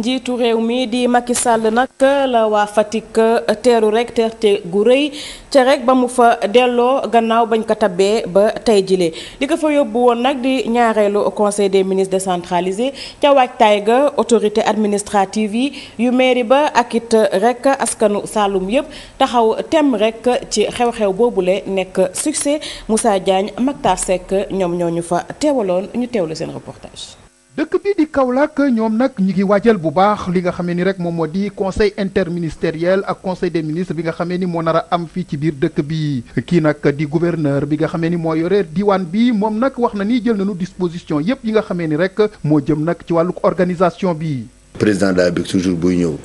njiitu réew mi di Macky Sall nag la waa Fatick teeru rek teerte gu rëy ca rek ba mu fa delloo gannaaw bañ ko tabbee ba tey jile di ko fa yóbbu woon nag di ñaareelu conseil des de décentralisé ca waajtaay ga autorité administrative yi yu mairie ba ak it rek askanu Saloum yëpp taxaw tem rek ci xew-xew boobule nekk succès Moussa Diagne Mactar Seck ñoom ñoo ñu fa teewaloon ñu teewlu seen reportage. dëkk bi di Kaolack ñoom nag ñu ngi waajal bu baax li nga xamee ni rek moom moo di conseil interministériel ak conseil des ministre bi nga xamee ni moo nar a am fii ci biir dëkk bi kii nag di gouverneur bi nga xamee ni moo yore diwaan bi moom nag wax na ni jël nañu disposition yépp yi nga xamee ni rek moo jëm nag ci wàllu organisation bi. président de la République buy ñëw.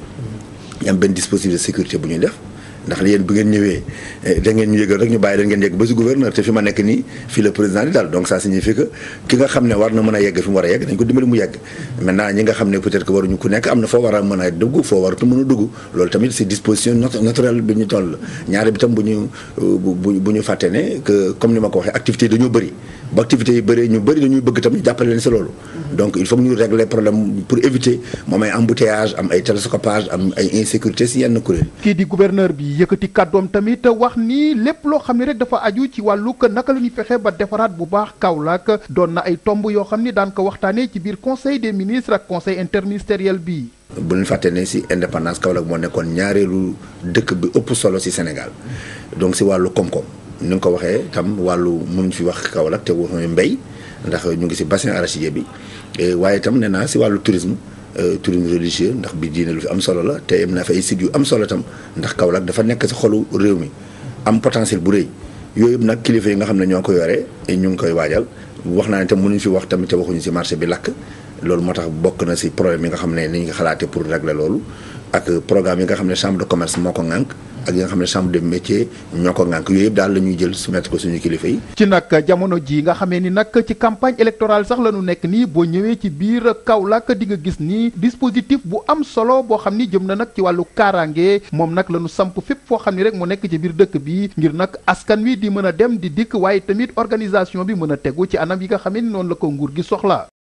am benn dispositif sécurité bu ñuy def. ndax yéen bu ngeen ñëwee eh, da ngeen ñu yëgal rek ñu bàyyi leen ngeen yegg ba si gouverneur te fi ma nekk nii fii le président di donc ça signifie que ki nga xam ne war na mën a yegg fi mu war a yegg dañ ko dimbali mu yegg maintenant ñi nga xam ne peut-être que waruñu ku nekk am na foo war a mën a dugg foo waratu mën a dugg loolu tamit si disposition naturelle bi ñu toll ñaare bi tam bu ñu bu bu ñu fàtte ne que comme ni ma ko waxee activité yi dañoo bëri bu activité yi bëree ñu bëri dañuy bëgg tam jàppale leen si loolu donc il faut que ñu régler problème pour éviter moom ay embouteillage am ay télescopage am ay insécurité si yenn kuréel. kii di gouverneur bi yëkkati kàddoom tamit wax ni lépp loo xam ne rek dafa aju ci wàllu naka la ñuy fexe ba defaraat bu baax Kaolack doon na ay tomb yoo xam ne daan ko waxtaanee ci biir conseil des ministres ak conseil interministériel bi. bu ñu fàtte ne si indépendance Kaolack moo nekkoon ñaareelu dëkk bi ëpp solo si Sénégal donc si wàllu koom-koom ni ko waxee tam wàllu mënuñ fi wax Kaolack te waxuñu mbéy. ndax ñu ngi si bassin arachidier bi waaye tam nee naa si wàllu tourisme euh, tourisme religieux ndax bi diine lu fi am solo la te am na fa ay yu am solo itam ndax Kaolack dafa nekk si xolu réew mi am potentiel bu rëy yooyu nag kilifa yi nga xam ne ñoo ko yore ñu ngi koy waajal wax naa ne tam mënuñ fi wax tamit te waxuñu si marché bi lakk loolu moo tax bokk na si problème yi nga xam ne ni ñu ko xalaatee pour régler loolu ak programme yi nga xam ne chambre de commerce ko ŋànk ak yi nga xam ne chambre de métier ñoo ko ŋànk yooyu yëpp daal la ñuy jël soumettre ko suñu kilifa yi ci nag jamono ji nga xamee ni nag ci campagne électorale sax la ñu nekk nii boo ñëwee ci biir Kaolack di nga gis ni dispositif bu am solo boo xam ni jëm na nag ci wàllu kaaraange moom nag la ñu samp fépp foo xam ni rek mu nekk ci biir dëkk bi ngir nag askan wi di mën a dem di dikk waaye tamit organisation bi mën a tegu ci anam yi nga xam ne noonu la ko nguur gi soxla